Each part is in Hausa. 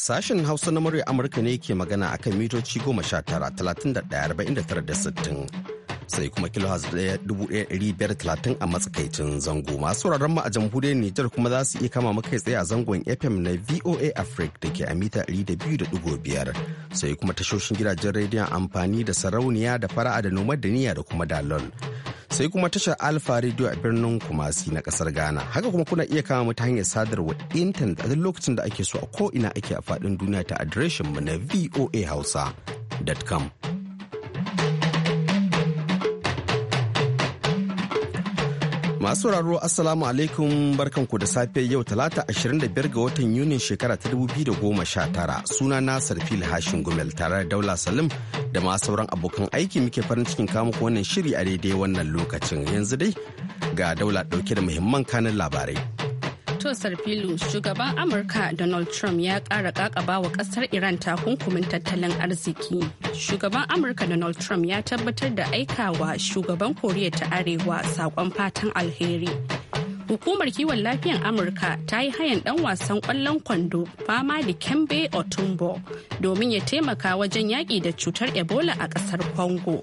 Sashen Hausa na murya Amurka ne ke magana akan mitoci goma sha tara, talatin da ɗaya, arba'in da tara da sittin. sai kuma dubu biyar talatin a matsakaicin zango masu sauraron mu a jamhuriyar Nijar kuma za su iya kama maka tsaye a zangon FM na VOA Africa da ke a mita da da biyu biyar sai kuma tashoshin gidajen rediyon amfani da sarauniya da fara'a da noma da niyya da kuma dalol. sai kuma tashar alfa radio a birnin kumasi na kasar ghana haka kuma kuna iya kama mu ta hanyar sadarwa intanet a duk lokacin da ake so a ko ina ake a faɗin duniya ta adireshin mu na voa hausa.com Masu sauraro Assalamu alaikum barkanku da safe yau talata 25 ga watan Yunin shekara ta 2019 suna na Sarfil Hashin Gumel tare da Daula Salim da ma sauran abokan aiki muke farin cikin kamu wannan shiri a daidai wannan lokacin yanzu dai ga Daula dauke da muhimman kanin labarai. Senator Sarfilu, shugaban Amurka Donald Trump ya ƙara kakaba wa ƙasar Iran takunkumin tattalin arziki. Shugaban Amurka Donald Trump ya tabbatar da aikawa shugaban Koriya ta Arewa saƙon fatan alheri. Hukumar kiwon lafiyan Amurka ta yi hayan ɗan wasan ƙwallon kwando fama da Kembe Otumbo domin ya taimaka wajen yaƙi da cutar Ebola a ƙasar Congo.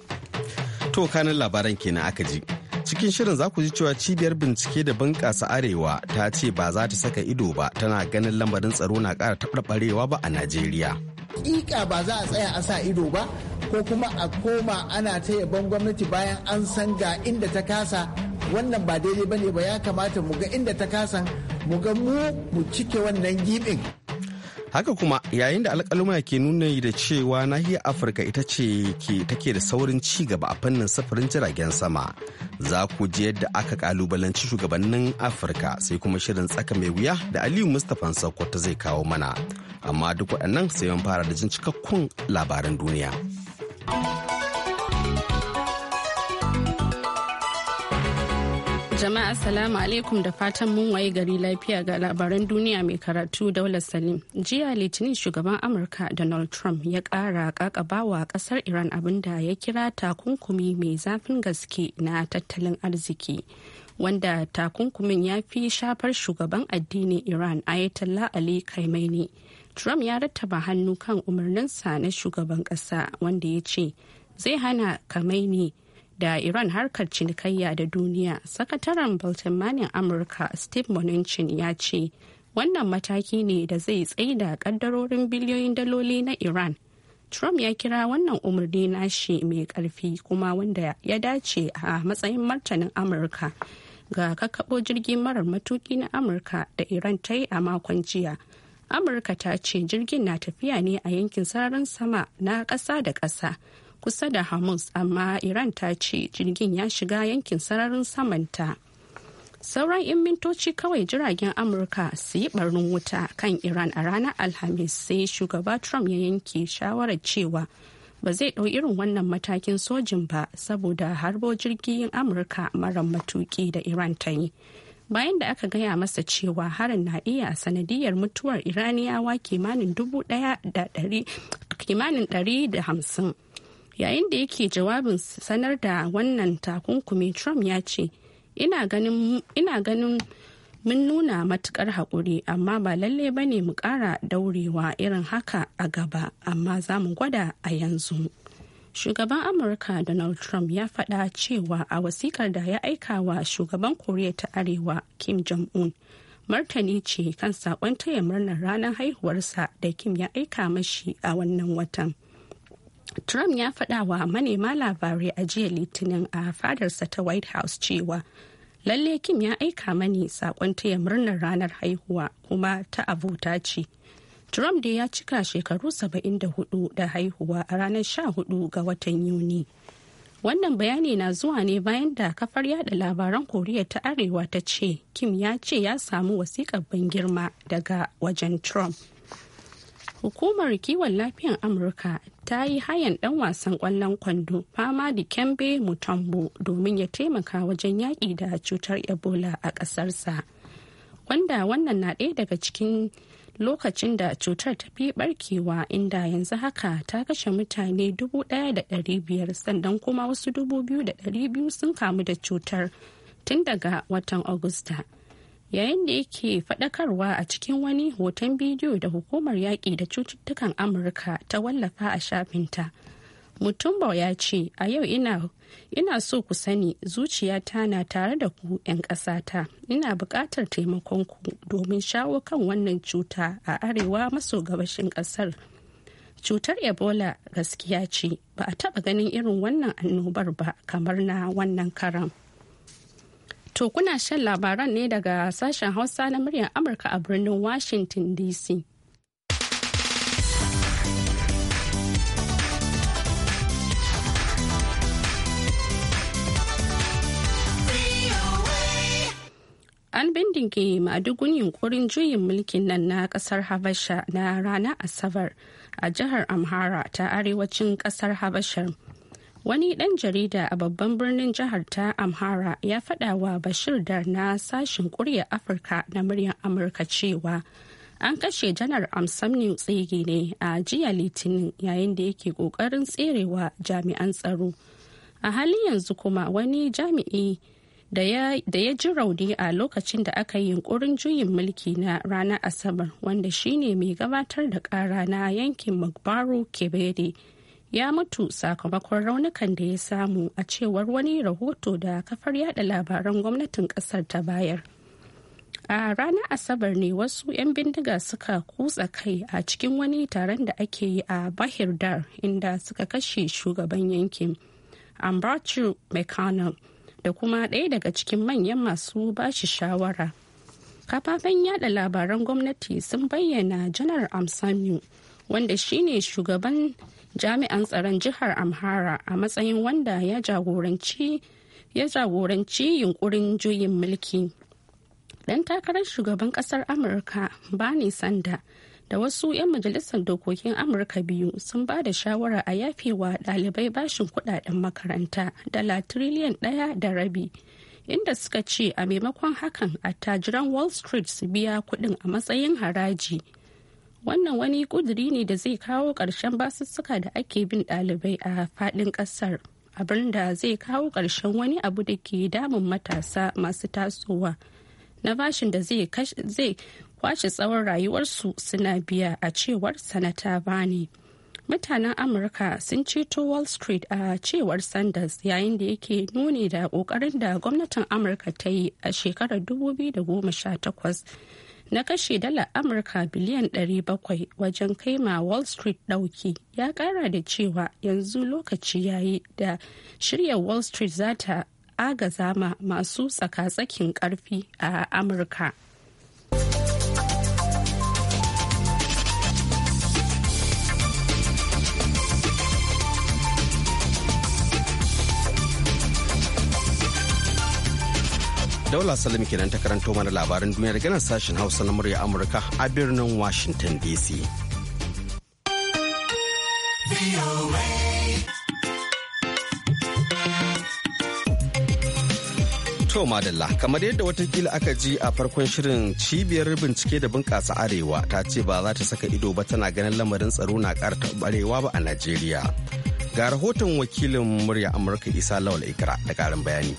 To kanin labaran kenan aka ji. cikin shirin za ku ji cewa cibiyar bincike da bunƙasa arewa ta ce ba za ta saka ido ba tana ganin lambarin tsaro na kara taɓarɓarewa ba a najeriya ƙiƙa ba za a tsaya a sa ido ba ko kuma a koma ana ta yaban gwamnati bayan an san ga inda ta kasa wannan ba daidai ba ne ba ya kamata mu ga inda ta kasa mu ga mu mu cike wannan gibin haka kuma yayin da alkaluma ke nuna da cewa nahiyar afirka ita ce ke take da saurin ci gaba a fannin sufurin jiragen sama za ku ji yadda aka kalubalanci shugabannin afirka sai kuma shirin tsaka mai wuya da aliyu mustapha sokoto zai kawo mana amma duk waɗannan sai mun fara da jin cikakkun labaran duniya. Jama'a salamu alaikum da fatan mun waye gari lafiya ga labaran duniya mai karatu daular Salim. Jiya Litinin shugaban Amurka Donald Trump ya kara wa kasar Iran abinda ya kira takunkumi mai zafin gaske na tattalin arziki. Wanda takunkumin ya fi shafar shugaban addinin Iran Ayatollah Ali Khamenei. Trump ya rattaba hannu kan umarninsa na shugaban ƙasa wanda ya ce zai hana Khamenei da iran harkar cinikayya da duniya sakataren baltimanin amurka steve mnuchin ya ce wannan mataki ne da zai tsaida kaddarorin biliyoyin daloli na iran trump ya kira wannan umarni nashi mai karfi kuma wanda ya dace a matsayin martanin amurka ga kakkaɓo jirgin marar matuki na amurka da iran ta yi a makon jiya amurka ta ce jirgin na tafiya ne a yankin sararin sama na ƙasa da ƙasa kusa da hamas amma iran ta ce jirgin ya shiga yankin sararin samanta sauran 'yan mintoci kawai jiragen amurka su yi barnin wuta kan iran a ranar alhamis sai shugaba trump ya yanke shawarar cewa ba zai ɗau irin wannan matakin sojin ba saboda harbo jirgin amurka mara matuki da iran ta yi bayan da aka gaya masa cewa harin na iya sanadiyar mutuwar iraniyawa kimanin dubu kimanin dari da hamsin yayin da yake jawabin sanar da wannan takunkumi trump ya ce ina ganin mun nuna matukar haƙuri amma ba lalle ba ne mu ƙara daurewa irin haka a gaba amma za mu gwada a yanzu shugaban amurka donald trump ya faɗa cewa a wasikar da ya aika wa shugaban koriya ta arewa kim jong-un martani ce kan saƙon taya murnar ranar haihuwarsa da kim ya aika mashi a wannan watan. Trump ya faɗa wa manema labarai a jiya Litinin a fadarsa ta White House cewa lalle Kim ya aika mani saƙon taya murnar ranar haihuwa kuma ta abota ce. Trump dai ya cika shekaru 74 da haihuwa a ranar 14 ga watan Yuni. Wannan bayani na zuwa ne bayan da kafar yada labaran Koriya ta Arewa ta ce Kim ya ce ya samu wasiƙar ban girma daga wajen Trump. hukumar kiwon lafiyan amurka ta yi hayan dan wasan kwallon kwando fama da kembe mutombo domin ya taimaka wajen yaƙi da cutar ebola a ƙasarsa wanda wannan na ɗaya daga cikin lokacin da cutar ta fi barkewa inda yanzu haka ta kashe mutane 1,500 sannan kuma wasu 2,200 sun kamu da cutar tun daga watan agusta yayin da yake faɗakarwa a cikin wani hoton bidiyo da hukumar yaƙi da cututtukan amurka ta wallafa a shafinta mutumba ya ce a yau ina ina so ku sani zuciyata na tare da ku 'yan ƙasata ina buƙatar taimakonku domin shawo kan wannan cuta a arewa maso gabashin ƙasar cutar ebola gaskiya ce ba a taɓa ganin irin wannan annobar ba kamar na wannan karan. To kuna shan labaran ne daga sashen Hausa na muryar Amurka a birnin Washington DC. an bindinke madugun yunkurin juyin mulkin nan na kasar habasha na rana asabar a jihar amhara ta arewacin kasar habashar wani ɗan jarida a babban birnin jihar ta amhara ya faɗa wa bashir da na sashen ƙurya afirka na muryar amurka cewa an kashe janar amsamnin tsege ne a jiya litinin yayin da yake ƙoƙarin tserewa jami'an tsaro a halin yanzu kuma wani jami'i da ya ji rauni a lokacin da aka yi yunkurin juyin mulki na ranar asabar wanda shine mai gabatar da kara na yankin magbaro kebede ya mutu sakamakon raunukan da ya samu a cewar wani rahoto da kafar yada labaran gwamnatin kasar ta bayar a ranar asabar ne wasu 'yan bindiga suka kutsa kai a cikin wani taron da ake yi a bahir dar inda suka kashe shugaban yankin ambrachu mcconnell da kuma ɗaya daga cikin manyan masu bashi shawara kafafen yada labaran gwamnati sun bayyana janar amsamu wanda shine shugaban jami'an tsaron jihar amhara a matsayin wanda ya jagoranci ya jagoranci yunkurin juyin mulki dan takarar shugaban kasar amurka bani sanda da wasu 'yan majalisar dokokin amurka biyu sun ba da shawara a yafewa dalibai bashin kudaden makaranta dala tiriliyan ɗaya da rabi inda suka ce a maimakon hakan attajiran wall street su biya kuɗin a matsayin haraji wannan wani kuduri ne da zai kawo ƙarshen basussuka da ake bin ɗalibai a faɗin ƙasar abin da zai kawo ƙarshen wani abu da ke damun matasa masu tasowa na bashin da zai kwashe tsawon rayuwarsu suna biya a cewar sanata bani mutanen amurka sun ceto wall street a cewar sanders yayin da yake nuni da kokarin da gwamnatin amurka ta yi a shekarar 2018 na kashe dala amurka biliyan 700 wajen kai ma wall street dauki ya kara da cewa yanzu lokaci yayi da shirya wall street za ta agaza ma masu tsaka-tsakin karfi a amurka Daula Salim kenan ta karanto mana labarin duniya daga nan sashen Hausa na murya Amurka a birnin Washington DC. To madalla kamar yadda watakila aka ji a farkon shirin cibiyar bincike da bunƙasa arewa ta ce ba za ta saka ido ba tana ganin lamarin tsaro na ƙara barewa ba a Najeriya. Ga rahoton wakilin murya Amurka Isa Lawal Ikra da ƙarin bayani.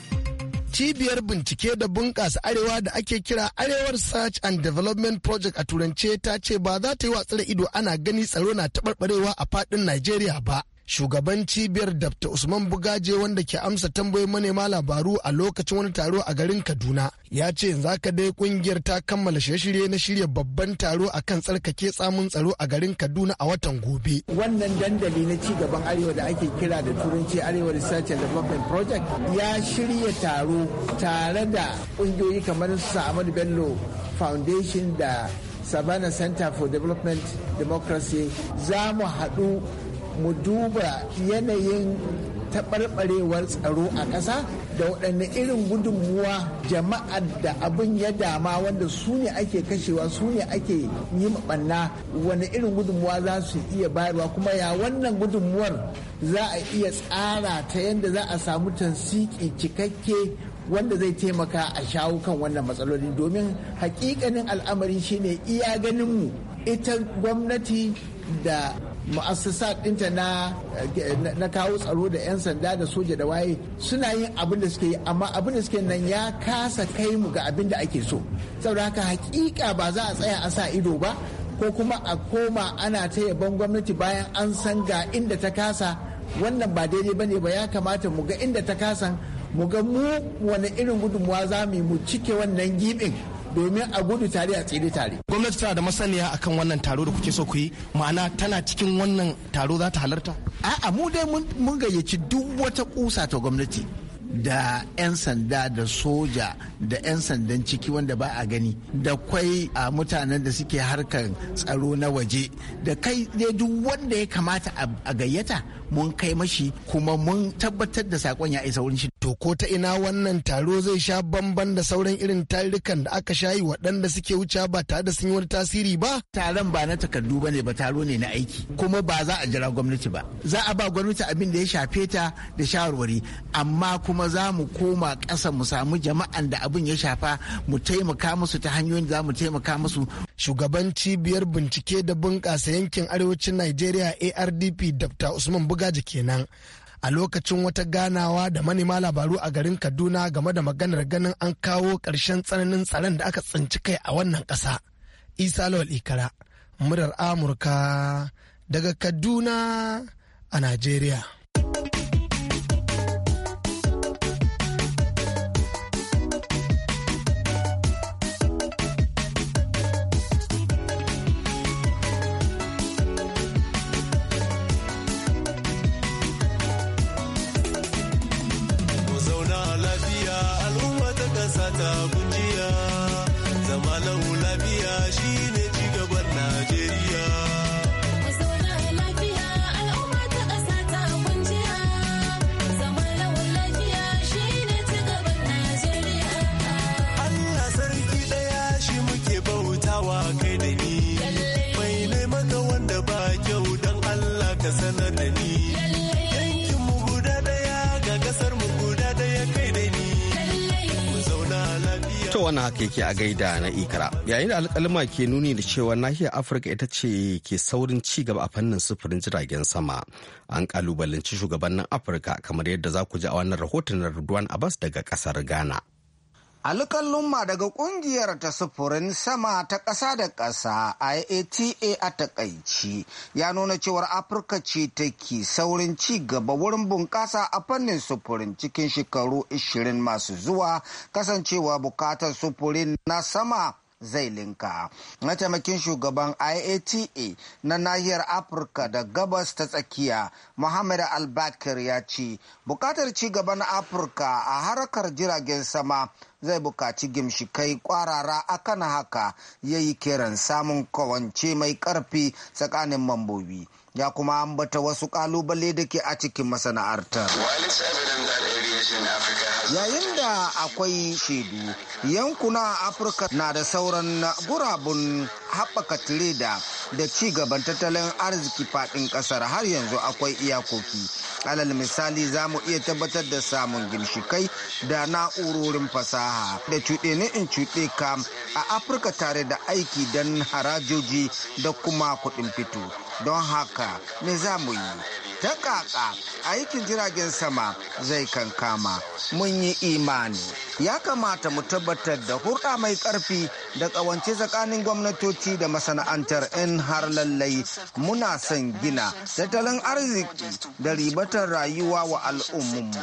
cibiyar bincike da bunƙasa arewa da ake kira arewar search and development project a turance ta ce ba za ta yi watsar da ido ana gani tsaro na taɓarɓarewa a faɗin najeriya ba shugaban cibiyar dr usman bugaje wanda ke amsa tambayi manema labaru a lokacin wani taro a garin kaduna ya ce yanzu haka dai kungiyar ta kammala shirye-shirye na shirya babban taro a kan tsarkake tsamin tsaro a garin kaduna a watan gobe wannan dandali na ci gaban arewa da ake kira da turanci arewa research and development project ya shirya taro tare da kungiyoyi kamar su bello foundation da savannah center for development democracy za mu haɗu mu duba yanayin taɓarɓarewar tsaro a ƙasa da waɗanne irin gudunmuwa jama'ar da abin ya dama wanda su ne ake kashewa su ne ake yi maɓanna wani irin gudunmuwa za su iya bayarwa kuma ya wannan gudunmuwar za a iya tsara ta yadda za a samu tansiki cikakke wanda zai taimaka a shawo kan wannan matsaloli domin hakikanin al'amari shine iya ganinmu ita gwamnati da ma'asasa ɗinta na eh, na kawo tsaro da 'yan sanda da soja da waye suna yin abin da suke yi amma abin da suke nan ya kasa kai mu ga abin da ake so saboda haka hakika ba za a tsaya a sa ido ba ko kuma a koma ana ta yaban gwamnati bayan an san ga inda ta kasa wannan ba daidai ba ne ba ya kamata mu ga inda ta kasa mu ga mu wani irin gudunmuwa za mu yi mu cike wannan gibin domin a gudu tare a tsere tare. Gwamnati tana da masaniya akan wannan taro da kuke so ku yi ma'ana tana cikin wannan taro za ta halarta? A'a mu dai mun gayyaci duk wata kusa ta gwamnati da 'yan sanda da soja da 'yan sandan ciki wanda ba a gani da kwai a mutanen da suke harkar tsaro na waje da kai dai duk wanda ya kamata a gayyata mun kai mashi kuma mun tabbatar da sakon ya isa wurin shi to ko ta ina wannan taro zai sha bamban da sauran irin tarukan da aka sha shayi waɗanda suke wuce ba tare da sun yi wani tasiri ba taron ba na takardu ba ne ba taro ne na aiki kuma ba za a jira gwamnati ba za a ba gwamnati abin da ya shafe ta da shawarwari amma kuma za mu koma ƙasa mu samu jama'an da abin ya shafa mu taimaka musu ta hanyoyin da za mu taimaka musu shugaban cibiyar bincike da bunƙasa yankin arewacin najeriya ardp dr usman Burgaji kenan. a lokacin wata ganawa da manema labaru a garin Kaduna game da maganar ganin an kawo ƙarshen tsananin tsaron da aka tsinci kai a wannan ƙasa. Isa Lawal Ikara, murar Amurka daga Kaduna a Najeriya. To wannan haka yake a gaida na ikara. Yayin da alkalima ke nuni da cewa nahiyar Afirka ita ce ke saurin ci gaba a fannin sufurin jiragen sama. An kalubalanci shugabannin Afirka kamar yadda za ku ji a wannan rahoton a Abbas daga kasar Ghana. lumma daga ƙungiyar ta sufurin sama ta ƙasa da ƙasa iata a takaici ya nuna cewar afirka ce take saurin ci gaba wurin bunƙasa a fannin sufurin cikin shekaru 20 masu zuwa kasancewa bukatar sufurin na sama zai linka. Mataimakin shugaban IATA na nahiyar Afirka da gabas ta tsakiya, Muhammad Albakir ya ce, bukatar ci gaban Afirka a harkar jiragen sama zai buƙaci gimshikai kwarara akan haka ya yi kiran samun kawance mai ƙarfi tsakanin mambobi ya kuma ambata wasu ƙalubale da ke a cikin masana'artar. Yayin da akwai shaidu, yankuna Afirka na da sauran gurabun haɓaka tireda da ci gaban tattalin arziki faɗin ƙasar har yanzu akwai iyakoki alal misali za mu iya tabbatar da samun ginshikai da na'urorin fasaha da cuɗe ne in cuɗe ka a afirka tare da aiki don harajoji da kuma kuɗin fito don haka me za mu yi ta kaka aikin jiragen sama zai kankama mun yi imani ya kamata mu tabbatar da hurɗa mai ƙarfi da ƙawance tsakanin gwamnatoci da masana'antar 'yan har lallai muna son gina tattalin arziki da ribatar rayuwa wa al'ummunmu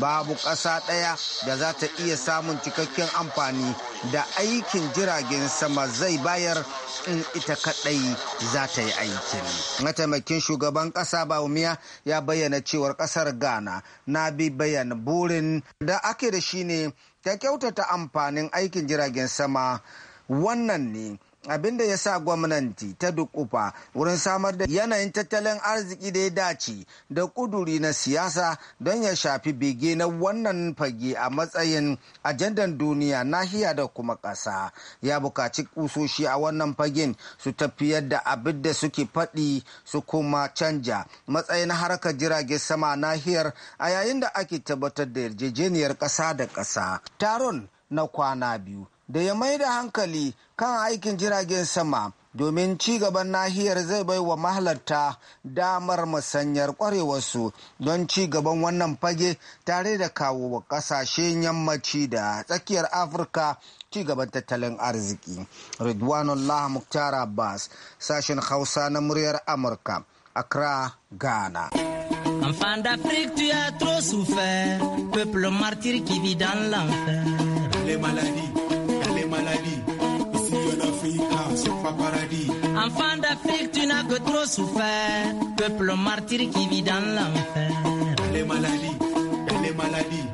babu ƙasa ɗaya da za ta iya samun cikakken amfani da aikin jiragen sama zai bayar in ita kaɗai za ta yi aikin mataimakin shugaban ƙasa baumiya ya bayyana cewar kasar Ghana na bi bayan burin da ake da shi ne ta kyautata amfanin aikin jiragen sama. Wannan ne abin da ya sa gwamnati ta dukufa wurin samar da yanayin tattalin arziki da ya dace da kuduri na siyasa don ya shafi bege na wannan fage a matsayin ajandan duniya nahiya da kuma ƙasa ya bukaci kusoshi a wannan fagen su tafiyar da abin da suke faɗi su kuma canja matsayin harkar jiragen sama nahiyar a yayin da ake tabbatar da yarjejeniyar ƙasa da ƙasa taron na kwana biyu da ya mai da hankali kan aikin jiragen sama domin ci gaban nahiyar zai bai wa mahalarta damar musanyar kwarewarsu don ci gaban wannan fage tare da kawo wa kasashen yammaci da tsakiyar afirka ci gaban tattalin arziki ridwanullah muktar abbas sashen hausa na muryar amurka accra ghana Enfant d'Afrique, tu as trop souffert, peuple martyr qui vit dans l'enfer. Les maladies. maladi Ici en Afrique, c'est pas paradis. Enfant d'Afrique, tu n'as que trop souffert. Peuple martyr qui vit dans l'enfer. Elle est Les elle est maladies.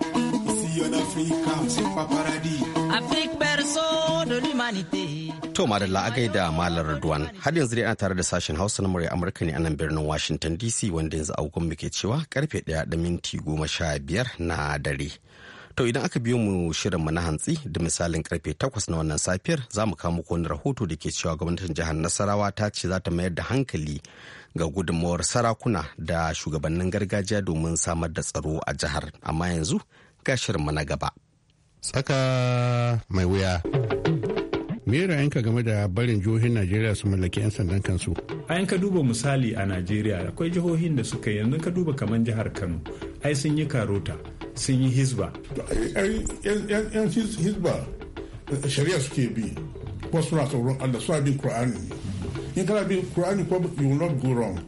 Ici en Afrique, c'est pas paradis. Afrique perso de l'humanité. To Madalla a gaida Malar Radwan har yanzu dai ana tare da sashen Hausa na murya Amurka ne a nan birnin Washington DC wanda yanzu a hukun muke cewa karfe 1 da minti 15 na dare. To idan aka biyo mu shirin mu na hantsi da misalin karfe 8 na wannan safiyar za mu kawo muku wani rahoto da ke cewa gwamnatin jihar Nasarawa ta ce za ta mayar da hankali ga gudunmawar sarakuna da shugabannin gargajiya domin samar da tsaro a jihar. Amma yanzu ga shirin mu na gaba. Tsaka mai wuya. me ra'ayinka game da barin jihohin najeriya su mallaki 'yan sandan kansu ayan ka duba misali a najeriya akwai jihohin da suka yanzu ka duba kamar jihar kano ai sun yi karota sun yi hizba yan hizba eh, shari'a suke bi kuma suna tsoron allah suna bin kur'ani in kana bin kur'ani ko you will not go wrong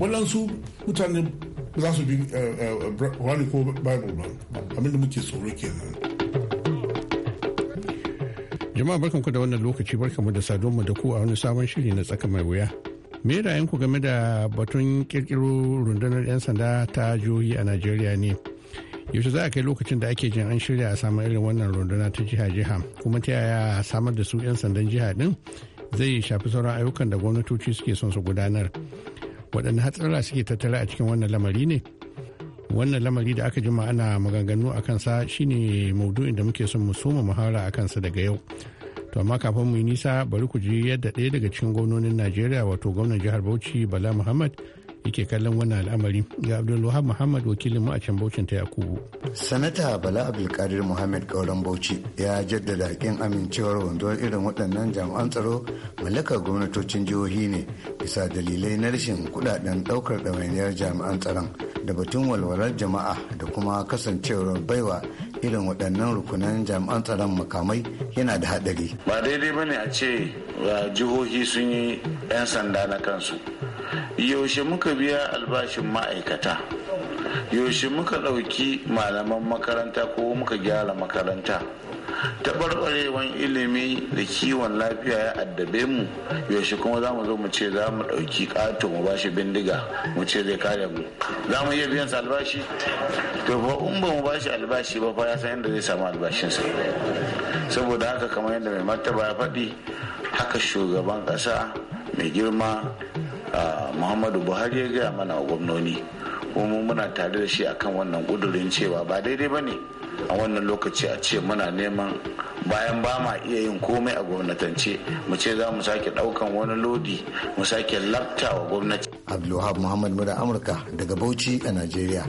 waɗansu mutane ba za su bi kur'ani eh, eh, ko bible ba abinda muke tsoro kenan jama'a barkanku da wannan lokaci barkanmu da saduwa da ku a wani sabon shiri na tsaka mai wuya me ra'ayinku game da batun kirkiro rundunar 'yan sanda ta jihohi a najeriya ne yaushe za a kai lokacin da ake jin an shirya a samun irin wannan rundunar ta jiha-jiha kuma ta yaya samar da su 'yan sandan jiha din zai shafi sauran ayyukan da gwamnatoci suke son su gudanar waɗanne hatsara suke tattara a cikin wannan lamari ne wannan lamari da aka jima ana maganganu a kansa shine maudu'in da muke son mu soma muhawara a kansa daga yau to amma kafin mu yi nisa bari ku ji yadda ɗaya daga cikin gwamnonin najeriya wato gwamnan jihar bauchi bala muhammad yake kallon wannan al'amari ga abdulwahab muhammad wakilin mu a can baucin ta yakubu sanata bala abdulkadir muhammad gauran bauchi ya jaddada hakin amincewar wanzuwar irin waɗannan jami'an tsaro mallakar gwamnatocin jihohi ne bisa dalilai na rashin kuɗaɗen ɗaukar ɗawainiyar jami'an tsaron da batun walwalar jama'a da kuma kasancewar baiwa irin waɗannan rukunan jami'an tsaron makamai yana da haɗari. Ba daidai ba ne a ce uh, jihohi sun yi 'yan sanda na kansu. yaushe muka biya albashin ma'aikata yaushe muka ɗauki malaman makaranta ko muka gyara makaranta taɓarɓarewan ilimi da kiwon lafiya ya addabe mu yaushe kuma za mu zo mu ce za mu ɗauki ƙato mu bashi bindiga mu ce zai kare mu za mu iya biyan albashi to fa in ba mu bashi albashi ba fa ya san yadda zai samu albashinsa saboda haka kamar yadda mai martaba ya faɗi haka shugaban ƙasa mai girma muhammadu buhari ya gaya mana gwamnoni kuma muna tare da shi akan wannan kudurin cewa ba daidai ba ne a wannan lokaci a ce muna neman bayan ba ma iya yin komai a gwamnatance mu ce za mu sake daukan wani lodi mu sake lafta wa gwamnati abdulwahab muhammad muda amurka daga bauchi a nigeria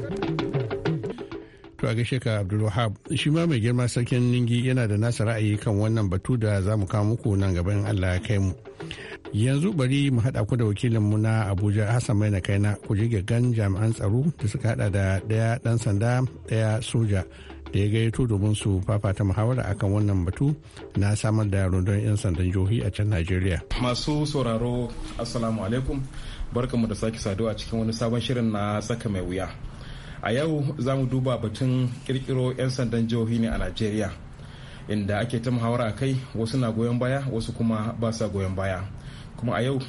to a gaishe ka abdulwahab shi ma mai girma sarkin ningi yana da nasa ra'ayi kan wannan batu da za mu kawo muku nan gaban allah ya kai mu yanzu bari mu haɗa ku da mu na abuja hassan mai na kaina ku ji gaggan jami'an tsaro da suka haɗa da ɗaya ɗan sanda ɗaya soja da ya gayyato domin su fafata muhawara akan wannan batu na samar da rundun 'yan sandan jihohi a can Najeriya. Masu sauraro Assalamu alaikum barkamu da sake saduwa a cikin wani sabon shirin na saka mai wuya. A yau za mu duba batun kirkiro 'yan sandan jihohi ne a Najeriya inda ake ta muhawara kai wasu na goyon baya wasu kuma ba sa goyon baya. kuma a yau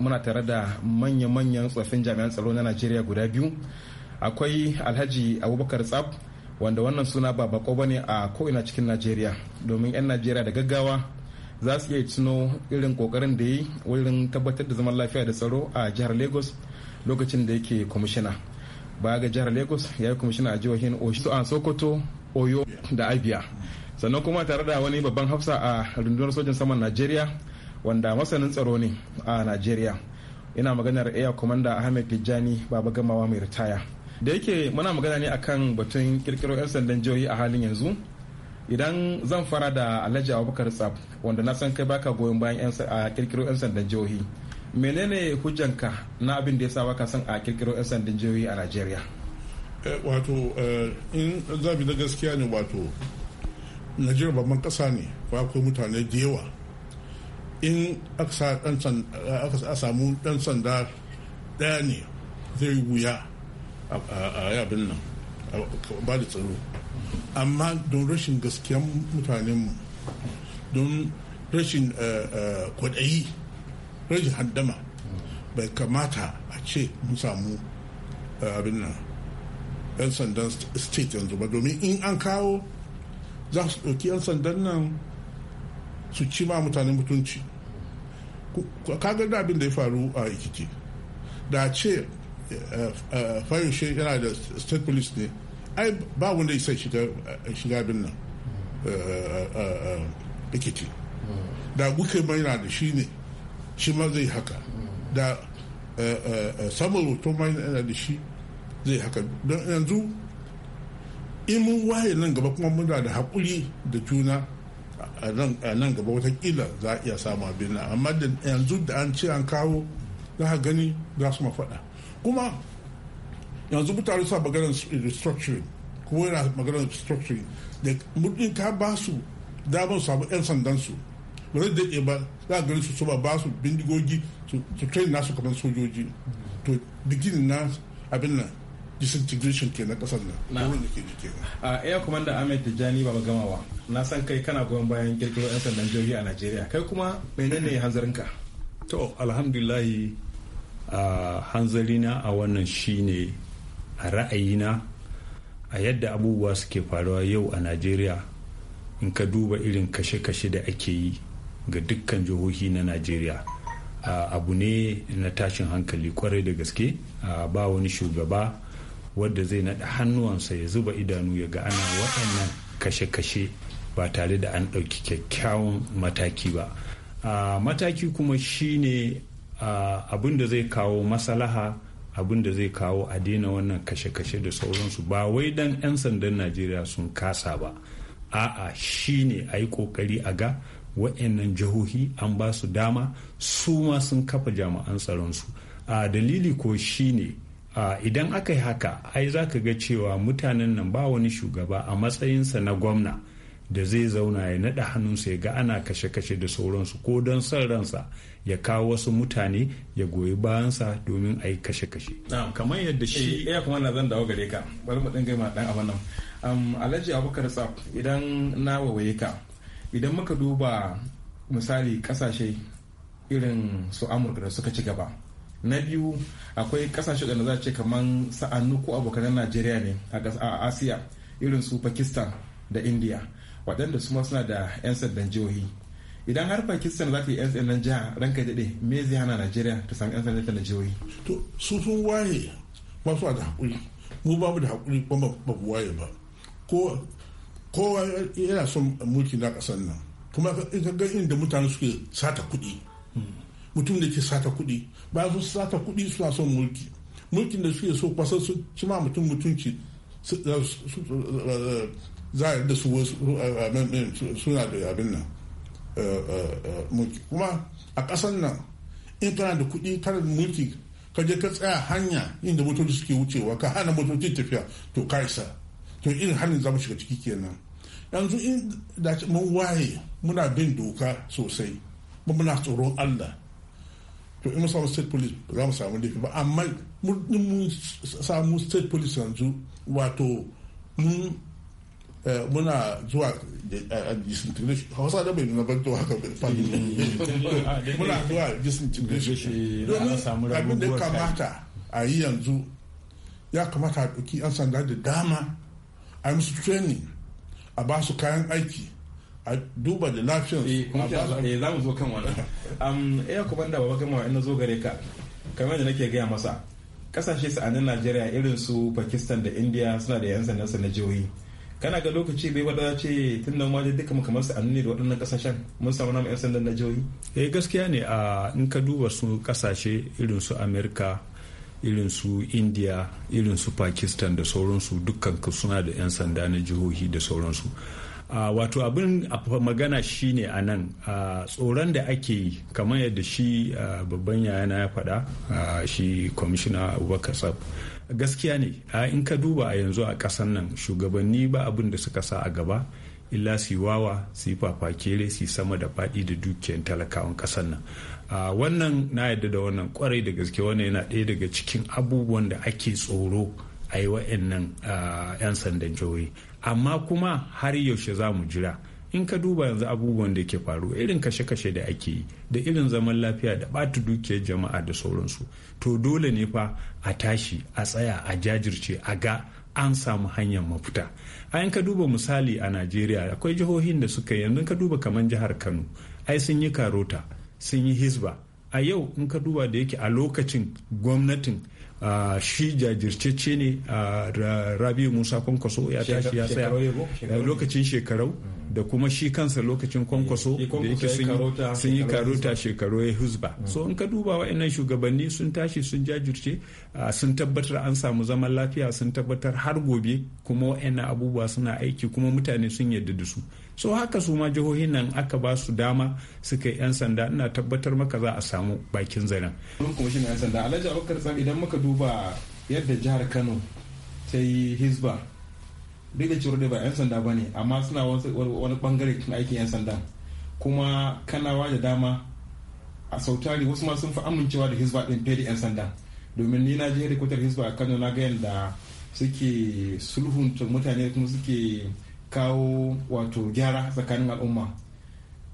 muna tare da manya-manyan tsoffin jami'an tsaro na najeriya guda biyu akwai alhaji abubakar tsab wanda wannan suna ba bako ba ne a ko'ina cikin najeriya domin 'yan najeriya da gaggawa za su iya tuno irin kokarin da yi wurin tabbatar da zaman lafiya da tsaro a jihar lagos lokacin da yake kwamishina baya ga jihar lagos ya yi kwamishina a jihohin sokoto oyo da abia sannan kuma tare da wani babban hafsa a rundunar sojin saman najeriya wanda masanin tsaro ne a najeriya ina maganar air commander ahmed tijjani baba gamawa mai ritaya da yake muna magana ne akan batun kirkiro 'yan sandan jihohi a halin yanzu idan zan fara da alhaji abubakar tsab wanda na san kai baka goyon bayan a kirkiro 'yan sandan jihohi menene hujjanka na abin da ya sa baka san a kirkiro 'yan sandan jihohi a najeriya eh, wato eh, in zabi na gaskiya ne wato najeriya babban kasa ne ba akwai mutane da yawa in aka samu dan sanda daya ne zai wuya a yabin nan ba da tsaro amma don rashin gaskiyan mutanenmu don rashin eh, eh, kwadayi rashin haddama bai kamata a ce mun samu eh, abin nan yan sandan state yanzu ba domin in an kawo za su ɗauki yan sandan nan su ci ma mutane mutunci kaga da abin da ya faru a ikiti da ce eh, eh, fayin shi yana da state police ne ai ba wanda ya eh, shiga abin nan ikiti da guke mai na da shi ne shi ma zai haka da samun hoto mai na da shi zai haka don yanzu in mun waye nan gaba kuma muna da haƙuri da juna a nan gaba watakila za a iya samu abin nan amma da yanzu da an ce an kawo za a gani za su mafaɗa kuma yanzu mutane sa maganar restructuring kuma yana maganar restructuring da mutum ka ba su damar samu 'yan sandansu ba zai daɗe ba za a gani su su ba su bindigogi su train nasu kamar sojoji to digini na abin nan disintegration ke na kasar nan ruwan da ke jike a air commander ahmed tijjani ba gamawa na san kai kana goyon bayan kirkiro yan sandan jirgi a najeriya kai kuma menene hanzarinka to alhamdulillahi a hanzarina a wannan shine a ra'ayina a yadda abubuwa suke faruwa yau a nigeria in ka duba irin kashe-kashe da ake yi ga dukkan jihohi na nigeria abu ne na tashin hankali kwarai da gaske ba wani shugaba wadda zai naɗa hannuwansa ya zuba idanu ya ga ana waɗannan kashe-kashe ba tare da an ɗauki kyakkyawan mataki ba mataki kuma shine abin da zai kawo masalaha abin da zai kawo a daina wannan kashe-kashe da sauransu ba wai dan 'yan sandan najeriya sun kasa ba a'a shine a yi kokari a ga wa'annan jihohi an ba su dama su ma sun kafa jami'an tsaronsu a dalili ko shine idan aka yi haka ai za ka ga cewa mutanen nan ba wani shugaba a matsayinsa na gwamna da zai zauna ya naɗa hannunsa ya ga ana kashe-kashe da sauransu ko don son ransa ya kawo wasu mutane ya goyi bayansa domin a yi kashe-kashe. kamar yadda shi ya eh, eh, kuma na zan dawo gare ka bari mu dinga ma dan abin nan alhaji abubakar tsaf idan na wawaye ka idan muka duba misali kasashe irin su amurka da suka ci gaba na biyu akwai kasashe da za a ce kamar sa'annu ko abokanan najeriya ne a asiya irin su pakistan da india waɗanda su suna da 'yan sandan jihohi idan har pakistan za ta yi 'yan sandan jiha ranka daɗe me zai hana najeriya ta san 'yan sandan jihohi to su sun waye ba su da haƙuri mu babu da haƙuri ba ba waye ba kowa yana son mulki na ƙasar nan kuma in ka ga inda mutane suke sata kuɗi mutum da ke sata kuɗi bayan su sata kuɗi suna son mulki mulkin da suke so kwasa su ci ma mutum mutunci za a da su suna da abin nan mulki kuma a ƙasan nan in kana da kuɗi kana da mulki ka je ka tsaya hanya inda motoci suke wucewa ka hana motocin tafiya to kaisa to irin hannun za mu shiga ciki kenan yanzu in da mun waye muna bin doka sosai ba muna tsoron allah to in mu samu state police za mu samu laifi ba amma mun samu state police yanzu wato e, mun muna zuwa disintegration hausa da bai nuna banto haka fadi muna zuwa disintegration domin abin da kamata a yi yanzu ya kamata a ɗauki 'yan sanda da dama a yi musu training a ba su kayan aiki a duba da lafiyar su eh, eh, za mu zo kan wannan ya eh, ku banda baba kama na zo gare ka kamar da nake gaya masa kasashe sa'anin najeriya irin su pakistan da india suna da yan sanda na jihohi kana ga lokaci bai wadda ce tun da waje duka kamar sa'anni ne da waɗannan kasashen mun samu namu yan sanda na jihohi eh gaskiya ne a in ka duba su kasashe irin su america irin su india irin su pakistan da sauransu dukkan suna da yan sanda na jihohi da sauransu Ah, wato abin magana shine a nan ah, tsoron da ake yi kamar yadda shi ah, babban yayana ya faɗa shi kwamishina abubakar tsab gaskiya ne in ka duba a yanzu a kasan nan shugabanni ba abin da suka sa a gaba illa si wawa si fafakere si sama da faɗi da dukiyar talakawan kasan nan wannan na yadda da wannan kwarai da gaske wannan yana ɗaya daga cikin abubuwan da ake tsoro a yi wa'annan 'yan sandan jihohi amma kuma har yaushe za mu jira in ka duba yanzu abubuwan da ke faru irin kashe-kashe da ake yi da irin zaman lafiya da ɓata dukiyar jama'a da sauransu to dole ne fa a tashi a tsaya a jajirce a ga an samu hanyar mafita a ka duba misali a najeriya akwai jihohin da suka yanzu ka duba kamar jihar kano ai sun yi karota sun yi hisba a yau in ka duba da yake a lokacin gwamnatin shi jajirce ne a rabiu musa kwankwaso ya tashi ya tsaya eh, lokacin shekarau da kuma shi kansa lokacin kwankwaso da yake sun yi karota shekaru ya huzba hmm. so in ka duba wa'annan shugabanni sun tashi sun jajirce sun tabbatar an samu zaman lafiya sun tabbatar har gobe kuma wa'annan abubuwa suna aiki kuma mutane sun yarda da su so haka su ma jihohin nan aka ba su dama su kai 'yan sanda ina tabbatar maka za a samu bakin zaren. kwamishinan 'yan sanda alhaji abubakar tsari idan muka duba yadda jihar kano ta yi hisba duk da ba 'yan sanda ba ne amma suna wani bangare cikin aikin 'yan sanda kuma kanawa da dama a sautari wasu ma sun fi amincewa da hisba ɗin fiye da 'yan sanda domin ni na je hedikwatar hisba a kano na ga yadda suke sulhunta mutane kuma suke kawo wato gyara tsakanin al'umma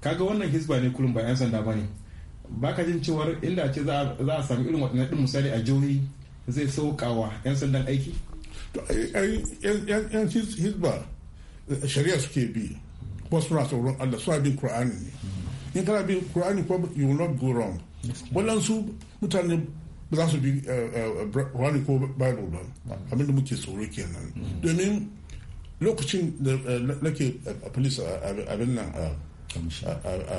kaga wannan hizba ne kullum ba 'yan sanda ba ne baka jin cewar inda ce za a sami irin waɗannan ɗin misali a jihohi zai saukawa 'yan sandan aiki yan hizba eh, shari'a suke bi kuma suna tsoron allah suna bin kur'ani ne mm-hmm. in kana bin kur'ani ko you will not go wrong waɗansu mutane ba za su bi eh, eh, qur'ani ko bible ba mm-hmm. abinda muke tsoro kenan mm-hmm. domin lokacin da eh, nake eh, a police abin nan a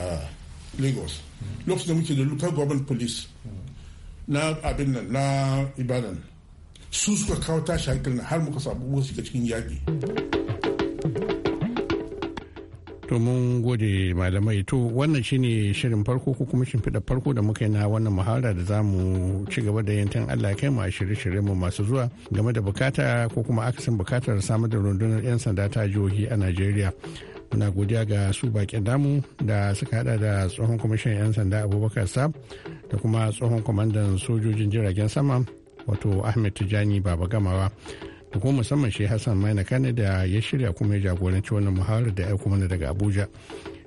lagos hmm. lokacin da muke da local government police na abin nan na ibadan su suka kawo tashi hankali har muka samu wasu cikin yaƙi to mun gode malamai to wannan shine shirin farko ko kuma shimfiɗa farko da muka yi na wannan muhawara da za mu ci gaba da yantan allah kai mu a shirye mu masu zuwa game da bukata ko kuma akasin bukatar samar da rundunar 'yan sanda ta jihohi a najeriya muna godiya ga su bakin damu da suka hada da tsohon kwamishin 'yan sanda abubakar sab da kuma tsohon kwamandan sojojin jiragen sama wato ahmed tijani baba gamawa da kuma musamman shi hassan maina kane da ya shirya kuma ya jagoranci wannan muhawarar da ya aiko daga abuja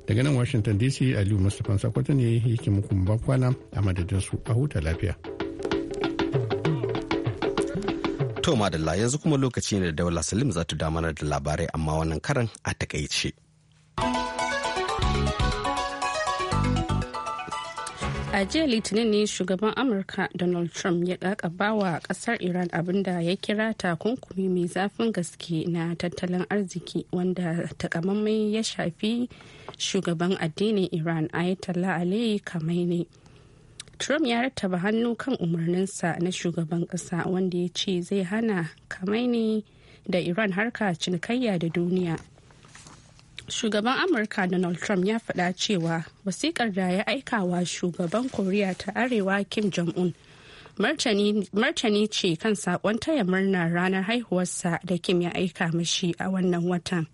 daga nan washington dc aliyu mustapha sakwato ne yake muku kwana a madadin su a huta lafiya to madalla yanzu kuma lokaci ne da daula salim za ta damar da labarai amma wannan karan a takaice a jiya litinin ne shugaban amurka donald trump ya kakaba wa ƙasar iran abinda ya kira takunkumi mai zafin gaske na tattalin arziki wanda takamammai ya shafi shugaban addinin iran ayatollah ali khamenei Trump ya rattaba hannu kan umarninsa na shugaban ƙasa wanda ya ce zai hana kamaini da Iran harka cinikayya da duniya shugaban amurka donald trump ya faɗa cewa wasikar da ya aika wa shugaban koriya ta arewa kim jong-un martani ce kan sakon taya murna ranar haihuwarsa da kim ya aika mashi a wannan watan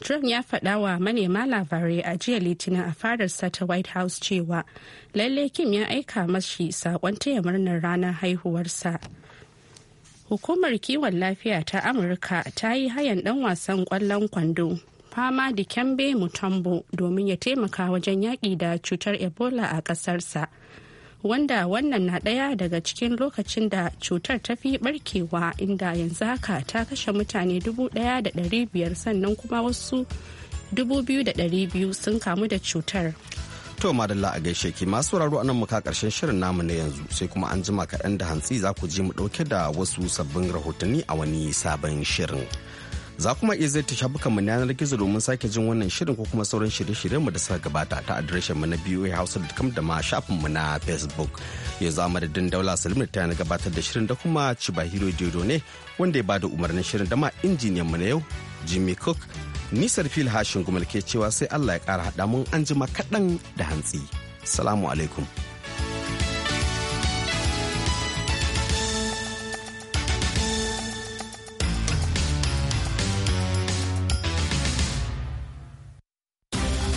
trump ya faɗa wa manema labarai a jiya litinin a fadarsa ta white house cewa lalle kim ya aika mashi sakon taya murnar ranar haihuwarsa hukumar kiwon lafiya ta amurka ta yi hayan dan wasan kwallon kwando fama da kyambe mutombo domin ya taimaka wajen yaƙi da cutar ebola a ƙasarsa wanda wannan na ɗaya daga cikin lokacin da cutar ta fi barkewa inda yanzu haka ta kashe mutane 1,500 sannan kuma wasu 2,200 sun kamu da cutar To madalla a gaishe ki masu sauraro anan muka karshen shirin namu na yanzu sai kuma an jima kaɗan da hantsi za ku ji mu ɗauke da wasu sabbin rahotanni a wani sabon shirin. Za kuma iya zai shafukan mu yanar gizo domin sake jin wannan shirin ko kuma sauran shirye-shiryen mu da suka gabata ta adireshin mu na hausa da kam da ma shafin mu na Facebook. Ya za madadin Daula Salim ta na gabatar da shirin da kuma Hiro Dodo ne wanda ya ba da umarnin shirin da ma injiniyan mu na yau Jimmy Cook. Nisar fil hashin gumal ke cewa sai Allah ya kara haɗa mun an jima kaɗan da hantsi. Salamu alaikum.